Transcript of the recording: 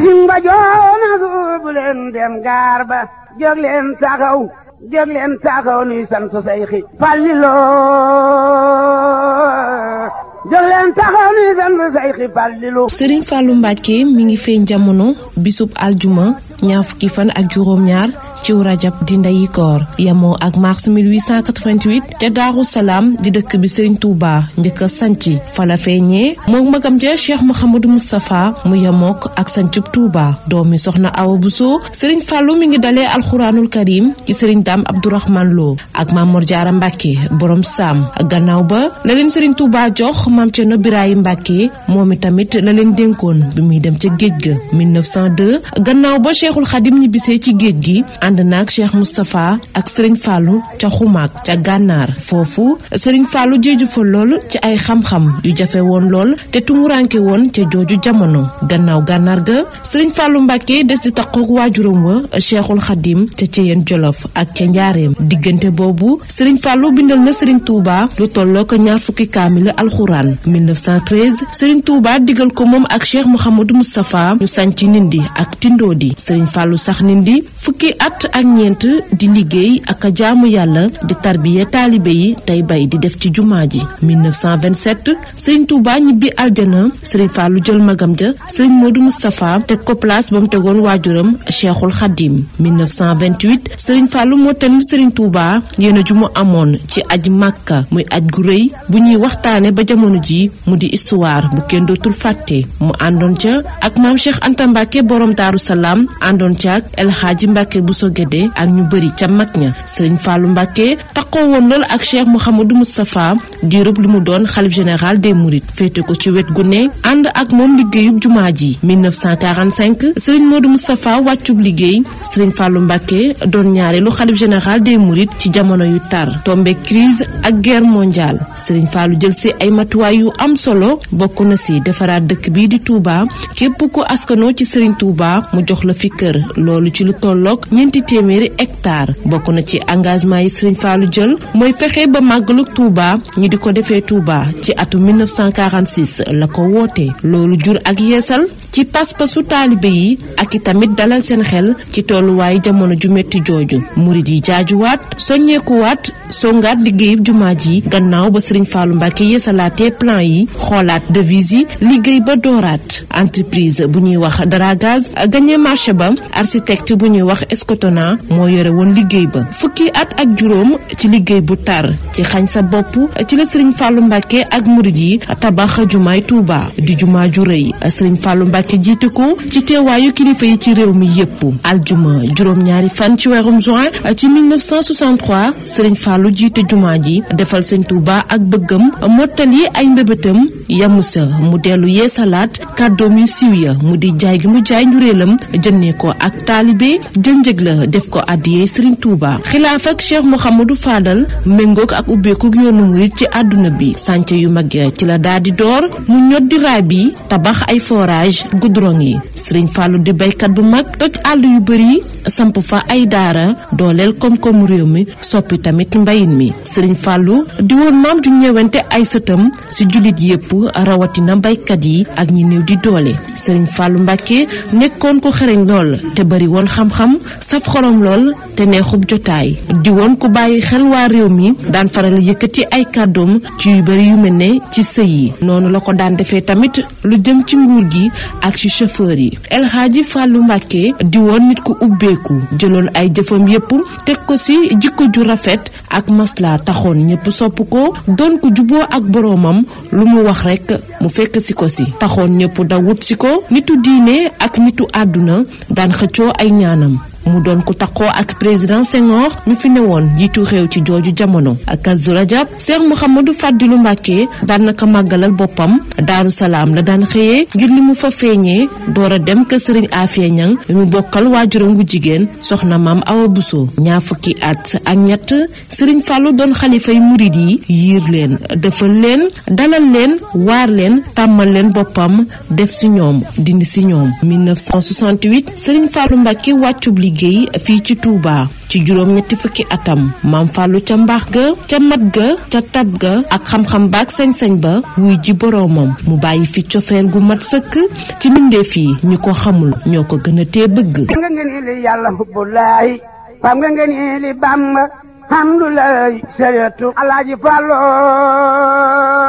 xasim ba joona suubu leen dem gaar ba sëriñ Fallou Mbacke mi ngi feeñ jamono bisub aljuma ñaar fukki fan ak juróom-ñaar ci rajab di ndeyi koor yamoo ak mars 1888 ca daaru salaam di dëkk bi sëriñ Touba njëkk a sanc fala feeñee moom magam ja cheikh Mouhamadou Moustapha mu yamook ak sancub Touba doomi soxna Awa Bousso sëriñ Fallou mi ngi dalee alxuraanul karim ci sëriñ Dame Abdourahmane Lo ak Mamor Diarra Mbacke borom saam gannaaw ba la leen sëriñ Touba jox. waxu maam Cerno Birahim Mbacke moom itamit la leen dénkoon bi muy dem ca géej ga 1902 gannaaw ba Cheikhul Khadim ñibbisee ci géej gi ànd naag Cheikh Moustapha ak sëriñ Fallou ca xumaak ca gànnaar foofu sëriñ Fallou jeeju fa lool ci ay xam-xam yu jafe woon lool te tumuranke woon ca jooju jamono gannaaw gànnaar ga Serigne Fallou Mbacke des di taqoog waajuram wa Cheikhul Khadim ca Ceyeen Jolof ak ca Njaareem diggante boobu Serigne Fallou bindal na Serigne Touba lu tolloo Njaasaan 1913 Serigne Touba digal ko moom ak Cheikh Mouhamadou Moustapha ñu sànc Nindi ak Tindoodi Serigne Fallou sax Nindi fukki at ak ñeent di liggéey ak a jaamu yàlla di tarbiya taalibe yi tey bay di def ci jumaa ji 1927 Serigne Touba ñibbi aljana Serigne Fallou jël magam ja Serigne Modou Moustapha teg ko place ba mu tegoon waajuram Cheikhul Khadim 1928 Serigne Fallou moo tamit Serigne Touba yéena ju mu amoon ci aj Màkka muy aj gu rëy bu ñuy waxtaane ba jamono jamono ji mu di histoire bu kenn dootul fàtte mu àndoon ca ak maam Cheikh Anta Mbacke borom daaru salaam àndoon ca ak El Hadji Mbacke bu Sogede ak ñu bëri ca mag ña Serigne Fallou Mbacke taxoo woon lool ak Cheikh Mouhamadou Moustapha diirub lu mu doon xalif général de Mourides féete ko ci wet gu ne ànd ak moom liggéeyub jumaa ji 1945 Serigne Modou Moustapha wàccub liggéey seriñ Fallou Mbacke doon ñaareelu xalif général des Mourides ci jamono yu tar tombe ak guerre mondiale matuwaay yu am solo bokk na si defaraat dëkk bii di Touba képp ku askanoo ci Serigne Touba mu jox la fi kër loolu ci lu tolloog ñeenti téeméeri hectare bokk na ci engagement yi Serigne Fallou jël mooy fexe ba màggalu Touba ñi di ko defee Touba ci atu 1946 la ko woote loolu jur ak yeesal ci pas-pasu taalibe yi ak i tamit dalal seen xel ci tolluwaayu jamono ju metti jooju murid yi jaajuwaat soññeekuwaat songaat liggéeyub jumaa ji gannaaw ba Serigne Fallou Mbacke yeesalaatee plan yi xoolaat devises yi liggéey ba dooraat entreprise bu ñuy wax dara gaz gagné marché ba architecte bu ñuy wax Escotona moo yore woon liggéey ba fukki at ak juróom ci liggéey bu tar ci xañ sa bopp ci la Serigne Fallou Mbacké ak murid yi tabax jumaay Touba di jumaa ju rëy Serigne Fallou Mbacké jiite ko ci teewaayu kilifa yi ci réew mi yépp aljuma juróom-ñaari fan ci weerum juin ci 1963 Serigne jiite jumaa ji defal Serigne Touba ak bëggam mottali ay mbébétam yamu sa mu dellu yeesalaat kàddoom yu siiw ya mu di jaay gi mu jaay njureelam jëndee ko ak taalibe jël njëg la def ko addiyee Serigne Touba xilaaf ak Cheikh Mouhamadou Fadal méngoog ak ubbeeku yoonu murit ci àdduna bi sànce yu mag ci la daal di door mu ñot raay bi tabax ay forage goudron yi Serigne Fallou di béykat bu mag toj àll yu bëri samp fa ay daara dooleel koom-koomu réew mi soppi tamit mbayin mi Serigne Fallou di woon maam ju ñëwante ay sëtam si jullit ndaw rawatina baykat yi ak ñi néew di doole Serigne Fallou Mbacké nekkoon ko xereñ lool te bari woon xam-xam saf xolom lool te neexub jotaay di woon ku bàyyi xel waa réew mi daan faral yëkkati ay kàddoom ci yu bari yu mel ne ci sëy yi noonu la ko daan defee tamit lu jëm ci nguur gi ak ci chauffeur yi El Hadji Fallou Mbacké di nit ko ubbeeku jëloon ay jëfam yépp teg ko ci jikko ju rafet ak masla taxoon ñépp sopp ko doon ko juboo ak boroomam lu mu wax mu fekk si ko si taxoon ñëpp da wut si ko nitu diine ak nitu àdduna daan xëccoo ay ñaanam mu doon ku takkoo ak président Senghor ñu fi woon jiitu réew ci jooju jamono ak Kazu Rajab Cheikh Mouhamadou Fadilu Mbàkke daan naka màggalal boppam Daaru Salaam la daan xëyee ngir li mu fa feeñee door a dem kër Sëriñ Afia Ñang li mu bokkal waajuram wu jigéen soxna maam Awa Buso ñaa fukki at ak ñett Sëriñ Fàllu doon xalifay murit yi yiir leen defal leen dalal leen waar leen tàmmal leen boppam def si ñoom dindi si ñoom 1968 Sëriñ Fàllu Mbàkke wàccub liggéey liggéey fii ci tuuba ci juróom ñetti fukki atam maam fàllu ca mbaax ga ca mat ga ca tab ga ak xam-xam ba ak sañ-sañ ba wuy ji boroomam mu bàyyi fi cofeel gu mat sëkk ci mbindeef fii ñi ko xamul ñoo ko gën a tee bëgg xam